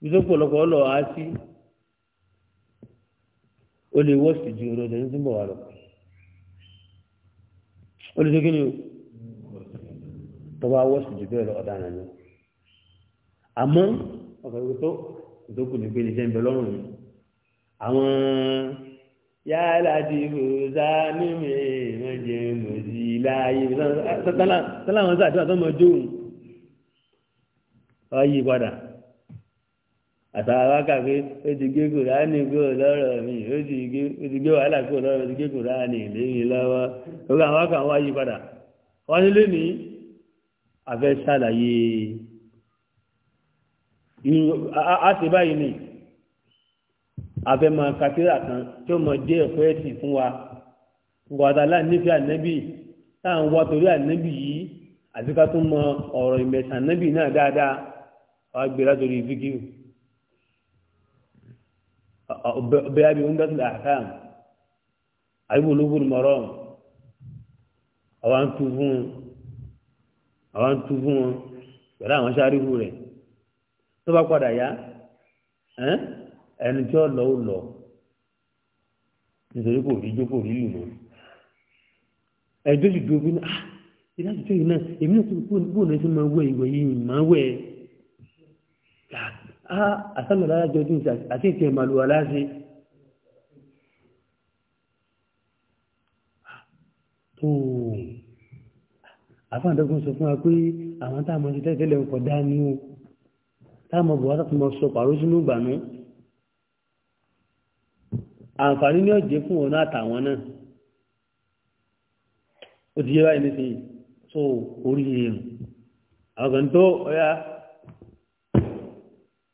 bí tó pọ̀lọpọ̀ lọ á sí o lè wọ́ọ̀sì ju ọ̀rọ̀ ní tí ń bọ̀ wá lọ o lè ṣe kí ni o tọ́ba wọ́ọ̀sì ju bẹ́ẹ̀ lọ ọ̀daràn ni àmọ́ ọ̀fẹ́ wo tó ìdókù ní pé iṣẹ́ ń bẹ lọ́rùn mi àwọn yálà ti fò sáánú mi wọ́n jẹ́ mọ̀ sí láàyè sọ́tàlá àwọn sáà tí wọ́n tó mọ̀ jóun ọ yí padà àtàwọn kàfé ó ti gé kùránì kó lọ́rọ̀ mi ó ti gé wàhálà kó lọ́rọ̀ mi ó ti gé kùránì léyìn lọ́wọ́ ó kà wọ́n kà wọ́n yí padà wọ́n ní lónìí àfẹ́ sàlàyé a ṣe báyìí ni àfẹ́mọ̀ kàtírà kan tí ó mọ̀ jẹ́ ẹ̀kọ́ ẹ̀sìn fún wa gbọ̀dálà nífẹ̀ẹ́ ànẹ́bì tá à ń wá torí ànẹ́bì yìí àti ká tún mọ ọ̀rọ̀ ìmẹ̀sìn ànẹ́bì náà dáadáa wàá gbé látòrí fíkìú bẹ́ẹ̀ bí wọ́n dọ́tí àkàm àyíkò ológun mọ̀rọ̀ àwọn tó fún wọn pẹ̀lú àwọn sáríhù rẹ̀ tó bá padà yá ẹni tí ó lọ ó lọ nítorí kò rí jókòó rí lù mọ́ ẹjọ́ sì dúró bí náà ìdá àtúntò yìí náà èmi náà tún kúrò náà tún máa wẹ ìwẹ yìí máa wẹ á ah, àtàlọ́ alájọ tí àti ìtì ẹ̀ màlúwa láti ah, tó àfáàdọ́gbọ̀n sọ fún wa pé àwọn táwọn ọmọ ti tẹ́tẹ́lẹ̀ ń dání o. táàmù buhari tó mọ sọ pàrọ sínú ìgbànú àǹfààní ní ọ̀jẹ́ fún òun àtàwọn náà ó ti yẹ báyìí nísìnyí tó oríire nù àwọn kan tó ọ̀yà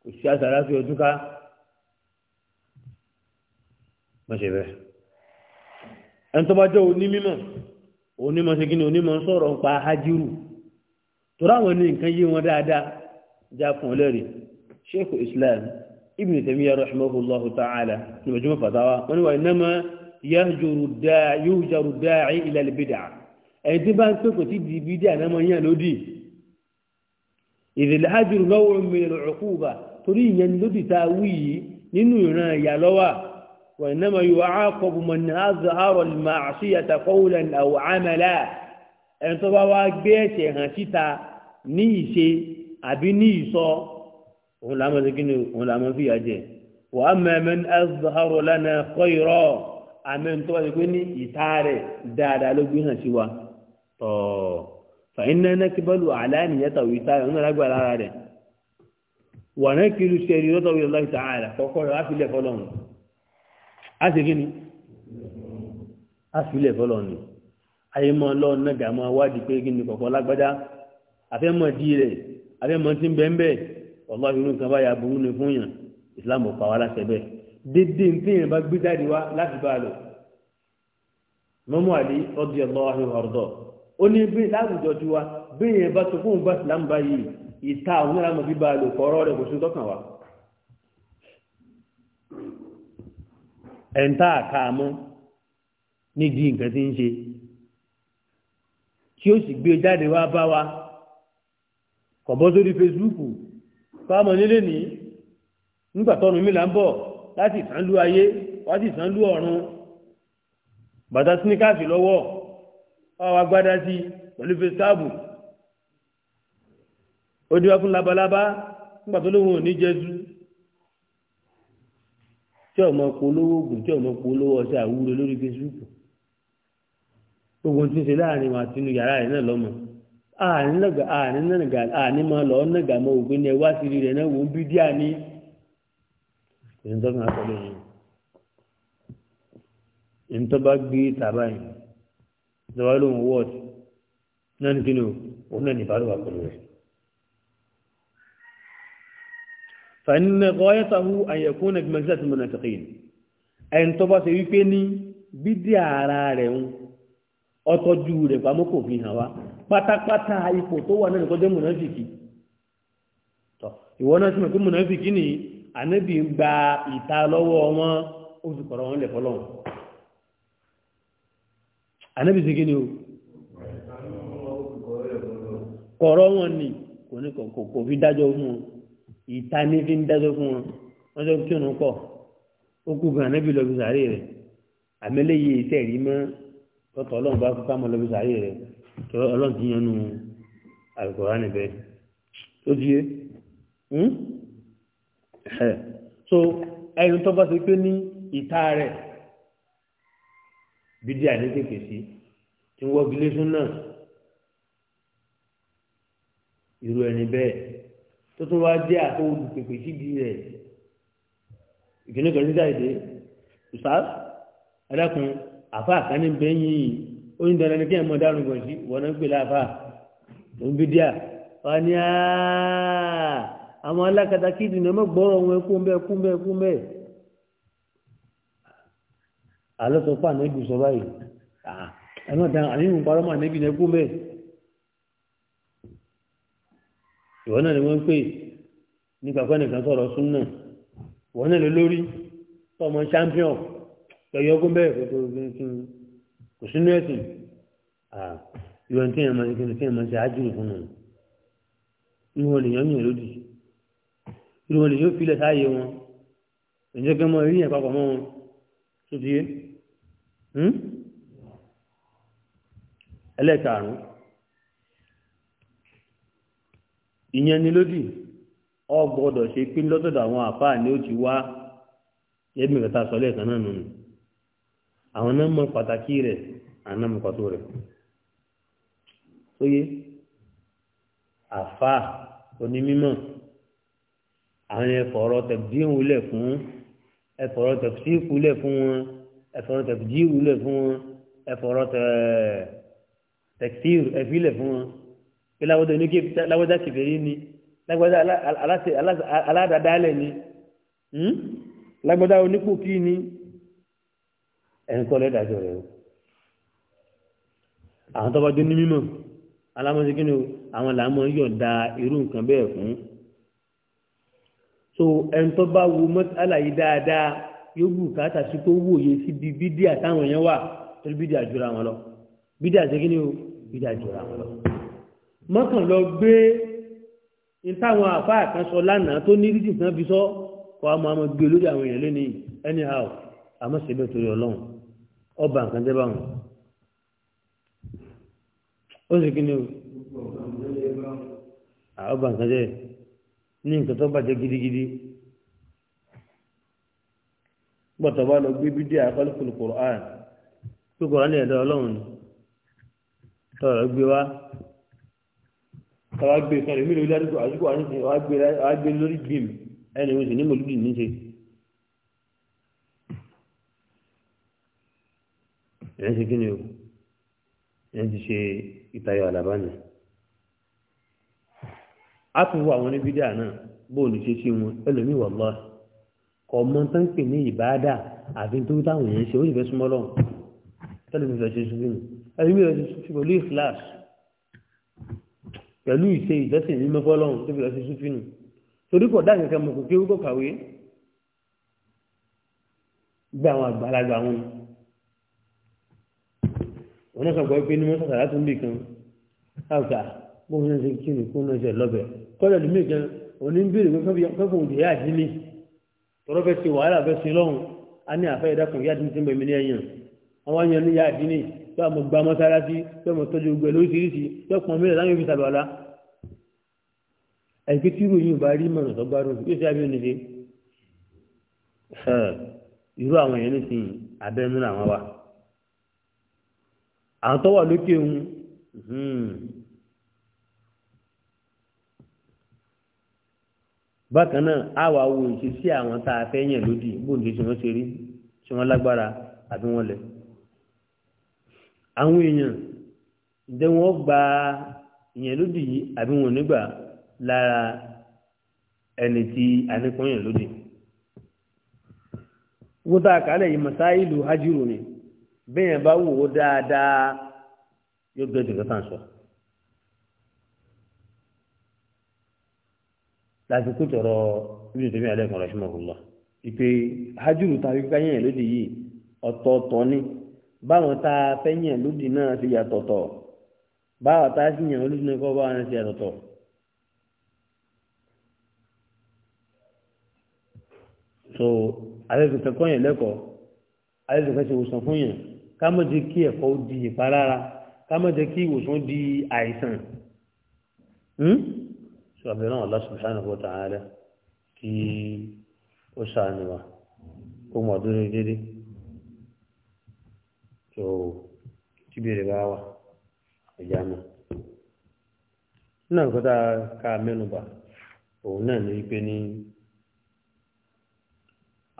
kò sí àṣàrà fi ọdún ká mọ̀ṣẹ̀ bẹ́ẹ̀ ẹni tó bá jẹ́ òní mímọ̀ hajiru mọ̀ ṣe kí ni nkan mọ̀ won daada já fún ọlẹ́rì sheikh islam ibn tamiya rahimahullahu ta'ala ní majumọ fatawa wọn ni wà ináma yóò jaru dáàí ilẹ̀ libida ẹni tí bá ń pè kò tí di bídí ànámọ yẹn lódì ìdílé hajjuru lọ́wọ́ mìíràn ọ̀kúba torí ìyẹn lódì tá a wí yìí nínú ìran ìyá lọ́wọ́ وإنما يعاقب من أظهر المعصية قولا أو عملا أن تبوا بيته هنسيتا نيسي àbí ní ìsọ òun làá mọ̀ sí kíni òun làá mọ̀ fi yà jẹ wàá mẹ́mẹ́ azọ́rọ̀ lánàá kọ́ ìrọ̀ àmì tó wà pé ní ìta rẹ̀ dáadáa ló gbé hàn sí wa tọ́ fàyínà náà kí bọ́ọ̀lù àlàyé ìta rẹ̀ ń lágbà lára rẹ̀ wà náà kí lu ṣe ìrírọ́tọ̀ wíwọ́ láì sàárà kọ́kọ́ rẹ̀ wá fílẹ̀ fọlọ́run á sì kíni á fílẹ̀ fọlọ́run ayé mọ́ ọlọ́run náà gà máa wádìí pé kíni kọ̀kọ́ lágbádá àfẹ́ mọ̀ dí rẹ̀ abẹ́mọ tí ń bẹ́ ń bẹ́ ọ̀lá irú nǹkan báyà burú ni fún yàn ìsìlámù pa wá láṣẹ bẹ́ẹ̀ dédé ní téèyàn bá gbé jáde wá láti bá a lò mọ́mú àlè ọdún ẹ̀ lọ́wọ́ àhìn ọ̀rọ̀dọ̀ ó ní bí láwùjọ ju wa bí yẹn bá tó fún bá ìsìlámù báyìí ìta àwọn ìlànà bíbá a lò kọ́rọ́ rẹ̀ kò sí tọ́kàn wa. ẹ̀ńtà àkàmọ́ nídìí nǹkan tí ń ṣe tí ó sì gbé jáde wá bá wa kọ̀bọ́ sórí fesibúùkù fáwọn nílé ní nígbà tọ́nu mi là ń bọ̀ láti ìsánlú ayé wá sí ìsánlú ọ̀run bàtà síníkàsì lọ́wọ́ ọ̀wá gbádá sí pẹ̀lú fesibúùkù ó dé wá fún labalábá nígbà tó lóun ò ní jẹ́sú tí ọmọ polówó oògùn tí ọmọ polówó ọṣẹ àwúrò lórí fesibúùkù ogun tí ń ṣe láàrin wa tinú yàrá rẹ náà lọ́mọ ààrin nàgà ààrin nàgà ààrin máa lọ nàgà mọ ògbé ni ẹ wá sí rírẹ náà wò ń bí díà ní ìrìntọ́nà àkọlẹ̀ yìí ìrìntọ́ bá gbé tàbá yìí lọ́wọ́ lóhun wọ́ọ̀d náà ní kí ni òun pẹ̀lú rẹ̀ pátápátá ipò tó wà náà kọjá mùnàfìkì tọ ìwọ náà sì mọ̀ pé mùnàfìkì ni ànábì ń gba ìta lọ́wọ́ wọn ó fi kọ̀rọ̀ wọn lẹ̀ fọlọ́run ànábì sì kí ni o kọ̀rọ̀ wọn ni kò ní kò fi dájọ́ fún wọn ìta ní fi ń dájọ́ fún wọn wọ́n jọ kí òun pọ̀ ó kú gan ànábì lọ fi sàárè rẹ̀ àmẹ́lẹ́yìí tẹ̀rí mọ́ tọ́tọ̀ ọlọ́run bá kú ká mọ́ lọ fi sàárè rẹ̀ ọlọ́run ti yẹnu àgbọ̀rá níbẹ̀ tó di yé hmm? so ẹni tó bá ti pé ní ìta rẹ̀ bídí àní kéèké sí tí wọ́n gilé sún náà irú ẹni bẹ́ẹ̀ tó tún wáá jẹ́ àtọ́wọ́dù pèpè síbi rẹ̀ ìkíní kan ní jáde ìsáà adákun àfa àkànní bẹ́yìn oyin dandan ni kí ẹ̀mọ́ dárùn gbọ̀n sí wọ́n ń pè láàfà òǹbídíà wọ́n ní àwọn alákatá kídì ní ọmọ gbọ́rọ̀ wọn kú mbẹ́ kú mbẹ́ kú mbẹ́ alọ́sọ̀fà nẹ́bí sọ báyìí ẹ̀mọ́ dáhùn àníyàn parọ́ mà nẹ́bí ní kú mbẹ́ ìwọ́n náà ni wọ́n ń pè nípa pẹ́ nìkan sọ̀rọ̀ sún náà ìwọ́n náà ló lórí tọmọ champion lọ́yọ́gún bẹ́ẹ̀ kó tó kò sínú ẹ̀sìn ìwọ̀n tí èèyàn máa ń kí èèyàn máa ń ṣe ájúrù fún un ìwọ̀n lèèyàn yàn lódì ìwọ̀n lèèyàn filẹ̀ sáàyè wọn ẹ̀jẹ̀ kí wọ́n rí yẹn papọ̀ mọ́ wọn tó ti yé hmm? ẹlẹ́ẹ̀karùn-ún ìyẹn ni lódì ọ gbọ́dọ̀ ṣe pín lọ́tọ̀dọ̀ àwọn àfáà ni ó ti wá ẹ̀mí kẹta sọ lẹ́ẹ̀kan náà nù nù àwọn náà mọ pàtàkì rẹ̀ àwọn náà mọ pàtó rẹ̀ sóyè àfa onímọ̀ àwọn ẹ̀fọ̀rọ̀ tẹ̀bíhùn lẹ̀ fún ẹ̀fọ̀rọ̀ tẹ̀síkù lẹ̀ fún wọn ẹ̀fọ̀rọ̀ tẹ̀bíhùn lẹ̀ fún wọn ẹ̀fọ̀rọ̀ tẹ̀síkù ẹ̀fí lẹ̀ fún wọn pé láwọ́dọ̀ ní láwọ́dá kìfèrí ni lágbọ́dá aládàádálẹ̀ ni lágbọ́dá onípò kí ni ẹni kọ́ lẹ́dàjọ́ rẹ̀ o àwọn tó bá jó ní mímọ̀ alámọ́sí kí ni o àwọn làámọ́ yọ̀ǹda irú nǹkan bẹ́ẹ̀ fún so ẹni tó bá wo mọ́tàlá yìí dáadáa yóò bù káàtà sí kó wòye síbi bídíà táwọn èèyàn wà torí bídíà jura wọn lọ bídíà sí kí ni o bídíà jura wọn lọ mọ́kàn lọ gbé ìtàwọn àfáà kan lánàá tó ní rídì kan fi sọ kọ́ àmọ́ àmọ́ gbé lórí àwọn èèyàn lónìí anyhow àmọ́ ṣe bẹ́ẹ̀ torí ọlọ́run ọba nǹkan jẹ́ báwọn ó sì kí ni ọba nǹkan jẹ́ ní nǹkan tó bàjẹ́ gidigidi gbọ́tọ̀ bá lọ gbé bídí àkọlùkùlù kùrán pé kùrán ní ẹ̀dọ́ ọlọ́run ni tọ̀rọ̀ gbé wá tọ́wọ́ gbé kan lèmi lórí àdúgbò àdúgbò àdúgbò àgbé lórí gbìm ẹni oṣù ní mòlúdì níṣe. ẹ̀ ń ṣe kí ni o ẹ̀ ń ti ṣe ìtayọ àlàbá ni a tún wọ àwọn oníbídà náà bóòlù ṣe ṣe wọn ẹlòmíì wà lọ ọmọ tó ń pè ní ìbáadà àfi tó táwọn èèyàn ṣe ó sì fẹ́ súnmọ́ lọ́wọ́ tẹ́lẹ̀mí fẹ́ ṣe ṣubú ni ẹlòmíì fẹ́ ṣe ṣubú pẹ̀lú ìfìlàṣì pẹ̀lú ìṣe ìjọsìn ní mẹ́fọ́ lọ́wọ́ tó fi lọ ṣe ṣubú nù torí kò dá nǹkan mọ̀ kò kéwú kò kàwé gbé àwọn àgbàlagbà wọn wọn náà sọ̀gbọ́ pé ní wọ́n sọ̀tà látún bì kan àgbà ah, bó wọn ṣe kí ni kó náà ṣe lọ́bẹ̀ kọ́lẹ̀ lùmí kan òní ń bèrè pẹ́fọ́ òdì yá àdí ni tọ́rọ́ fẹ́ ṣe wàhálà fẹ́ ṣe lọ́hùn á ní àfẹ́ ìdákan yá àdí ti ń bẹ̀mí ní ẹ̀yàn àwọn àyàn ní yá àdí ni tó àmọ́ gba mọ́sálásí tó àmọ́ tọ́jú ogun ẹ̀ lóríṣiríṣi tó pọn mílẹ̀ láwọn ibi sàlọ́lá ẹ̀gbẹ́ tí ròyìn bá rí mọ̀nà tó gbárùn yóò ṣe àbíyàn nìṣe irú àwọn èèyàn nìṣe abẹ́nú làwọn wà àwọn tó wà lókè ń hmm. bákan náà á wà wo ìṣesí àwọn tá a fẹ́ yàn lódì bóńdé tí wọ́n ṣe rí tí wọ́n lágbára àbí wọ́n lẹ̀ àwọn èèyàn ǹjẹ́ wọ́n gba ìyẹn lódì yìí àbí wọn ò lára ẹni tí a ní kọ́ yàn lódì wọ́n tá a kálẹ̀ yìí mọ̀sáìlú hajjúrò ni bẹ́ẹ̀ bá wò ó dáadáa yóò gbé jùlọ tàn sọ. láti kú tọrọ ibi tẹ̀mí alẹ́kùn rahimahullah ìpè hajjúrù tàbí káyẹ̀yẹ̀ lódì yìí ọ̀tọ̀ọ̀tọ̀ ni báwọn tá a fẹ́ yẹn lódì náà ti yàtọ̀tọ̀ báwọn tá a sì náà kọ́ báwọn ti yàtọ̀tọ̀. so alẹ́ tó fẹ́ kọ́ yẹn lẹ́kọ̀ọ́ alẹ́ tó fẹ́ ṣe wòsàn fún yẹn. Kama má jẹ́ kí ẹ̀kọ́ di ìpalára ká má jẹ́ kí ìwòsàn di àìsàn hmm? ṣùgbọ́n náà lọ́sùn sáà nìkan tàn án rẹ kí ó ṣàánú wa kó mọ̀ dúró déédéé tó tíbèrè bá wà ẹ̀já náà náà nǹkan tá a ká òun náà ní pé ní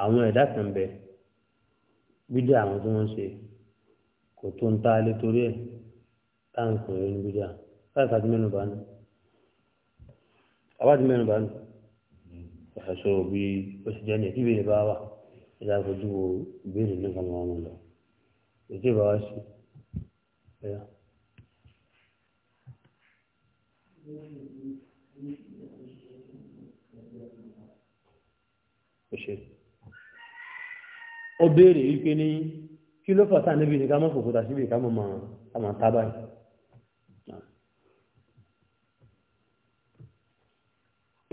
àwọn ẹ̀dá kan bẹ gbídé àwọn tí wọ́n ṣe kò tó ń tá a lé torí ẹ̀ táǹkì rẹ̀ níbi díà láti àti mẹ́nu bá ní àbájú mẹ́nu bá ní ẹ̀ṣọ́ bí ó ní ìbéèrè bá wà ìdá àfojú wo ìbéèrè ní kan wọn lọ ètò ìbá sí ẹ̀yà. ó béèrè wípé ní kí ló fà sáà níbi nìkan mọ́kòkò tà síbi ìkámọ́ máa tábà yìí.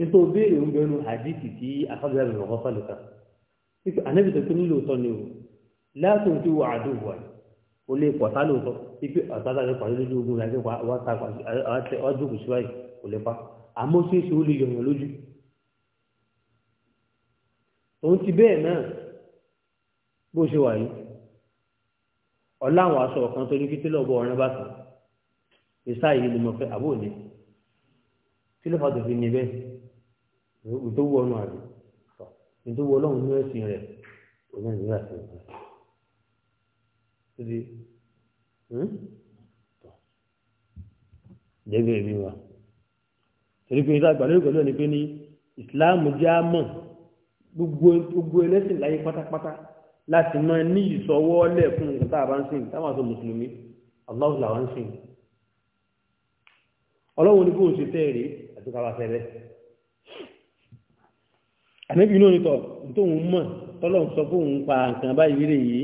ètò ìbéèrè ń bẹnu àdìsí tí afọ́bíyá rẹ̀ lọ́kọ́ fàlùkà nípa ànábì tó tó nílò tọ́ ni o látòun tí wọ́n àdó wà ó lè pọ̀ tá lóòótọ́ ipe ọ̀tá lè pàdé lójú ogun láti pa wá ta ọdún kù síwáyé kò lè pa àmọ́ ṣeéṣe ó lè yọ̀yàn lójú. òun ti bẹ́ẹ̀ náà bó ṣe wà yìí ọláwọn aṣọ ọ̀kan tó ní kí tílọ̀ bọ ọ̀rẹ́ bá tán ìṣá yìí ni mo fẹ́ àbò ní kí ló fàtò fi ní bẹ́ẹ̀ ìtò wọ ọ̀nà àrè ìtò wọ ọlọ́run ní ẹ̀sìn rẹ̀ òun ní ìrìnàṣẹ́ rẹ̀ ṣíṣe jẹ́gẹ́ ìbí wa torí pé ìṣàgbà lórí pẹ̀lú ẹni pé ní ìsìláàmù jẹ́ àmọ́ gbogbo ẹlẹ́sìn láyé pátápátá láti mọ ní ìsọwọ́lẹ̀ fún nǹkan tá a bá ń sìn tá a máa sọ mùsùlùmí aláwọ̀ làwa ń sìn ọlọ́run ní bóun ṣe tẹ́ẹ̀rẹ́ àti káwa fẹ́lẹ́ ànábì náà ní tọ́ tóun mọ̀ tọ́lọ́run sọ fóun pa nǹkan báyìí rè yìí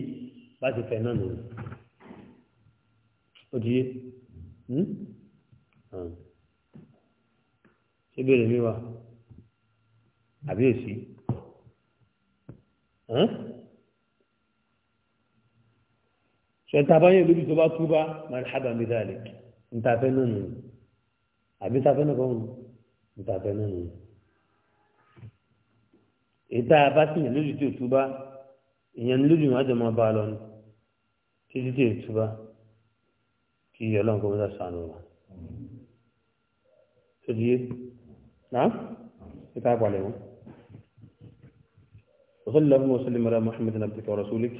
bá ti fẹ́ náà nù òdìyẹ hmm? hmm. ṣé bèrè mi wá àbí èsì ṣẹ̀ntà báyẹ̀ lórí tó bá túbá máa hábà mi dáàlì ntàfẹ́ náà nù àbí ntàfẹ́ náà kọ́ ntàfẹ́ náà nù. ìta bá tìyàn lórí tó túbá ìyẹn lórí wọn àjọ máa bá a lọ ní títí tó túbá kí ọlọ́run kò mọ́tà sànù wa. tó di yé náà ìta àpàlẹ̀ wọn. وصلى الله وسلم على محمد عبدك ورسولك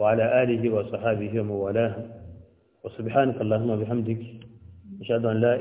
وعلى آله وصحابه وموالاه وسبحانك اللهم وبحمدك أشهد أن لا